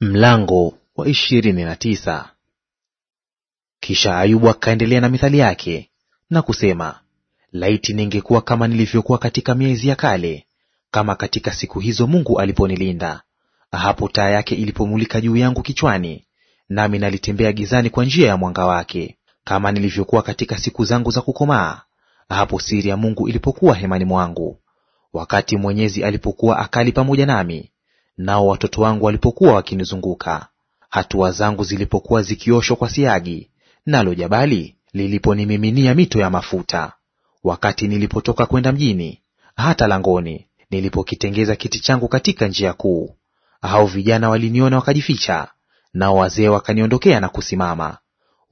Mlango wa ishirini na tisa. Kisha Ayubu akaendelea na mithali yake na kusema, laiti ningekuwa kama nilivyokuwa katika miezi ya kale, kama katika siku hizo Mungu aliponilinda, hapo taa yake ilipomulika juu yangu kichwani, nami nalitembea gizani kwa njia ya mwanga wake, kama nilivyokuwa katika siku zangu za kukomaa, hapo siri ya Mungu ilipokuwa hemani mwangu, wakati Mwenyezi alipokuwa akali pamoja nami nao watoto wangu walipokuwa wakinizunguka, hatua zangu zilipokuwa zikioshwa kwa siagi, nalo jabali liliponimiminia mito ya mafuta, wakati nilipotoka kwenda mjini, hata langoni nilipokitengeza kiti changu katika njia kuu, hao vijana waliniona wakajificha, nao wazee wakaniondokea na kusimama.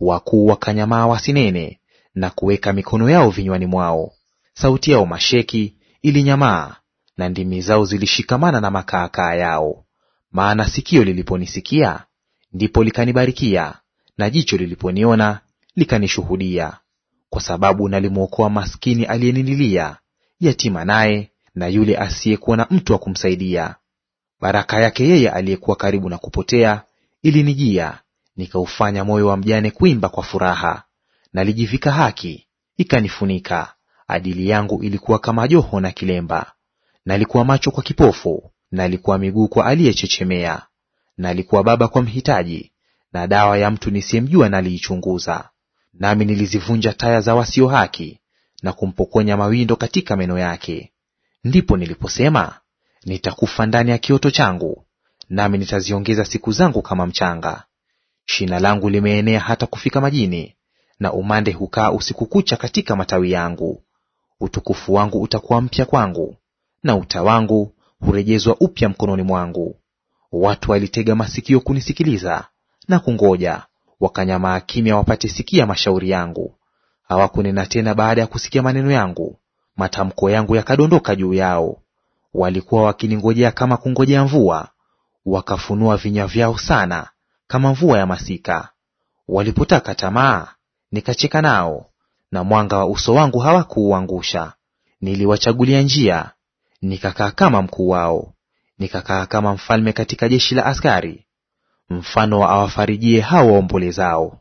Wakuu wakanyamaa wasinene, na kuweka mikono yao vinywani mwao; sauti yao masheki ilinyamaa, na ndimi zao zilishikamana na makaakaa yao. Maana sikio liliponisikia ndipo likanibarikia, na jicho liliponiona likanishuhudia, kwa sababu nalimwokoa maskini aliyenililia, yatima naye na yule asiyekuwa na mtu wa kumsaidia. Baraka yake yeye aliyekuwa karibu na kupotea ilinijia, nikaufanya moyo wa mjane kuimba kwa furaha. Nalijivika haki, ikanifunika; adili yangu ilikuwa kama joho na kilemba na alikuwa macho kwa kipofu, na alikuwa miguu kwa aliyechechemea, na alikuwa baba kwa mhitaji, na dawa ya mtu nisiyemjua naliichunguza. Nami nilizivunja taya za wasio haki, na kumpokonya mawindo katika meno yake. Ndipo niliposema, nitakufa ndani ya kioto changu, nami nitaziongeza siku zangu kama mchanga. Shina langu limeenea hata kufika majini, na umande hukaa usiku kucha katika matawi yangu. Utukufu wangu utakuwa mpya kwangu, na uta wangu hurejezwa upya mkononi mwangu. Watu walitega masikio kunisikiliza na kungoja, wakanyamaa kimya wapate sikia mashauri yangu. Hawakunena tena baada ya kusikia maneno yangu, matamko yangu yakadondoka juu yao. Walikuwa wakiningojea kama kungojea mvua, wakafunua vinywa vyao sana kama mvua ya masika. Walipotaka tamaa, nikacheka nao, na mwanga wa uso wangu hawakuuangusha. Niliwachagulia njia nikakaa kama mkuu wao, nikakaa kama mfalme katika jeshi la askari, mfano wa awafarijie hao waombolezao.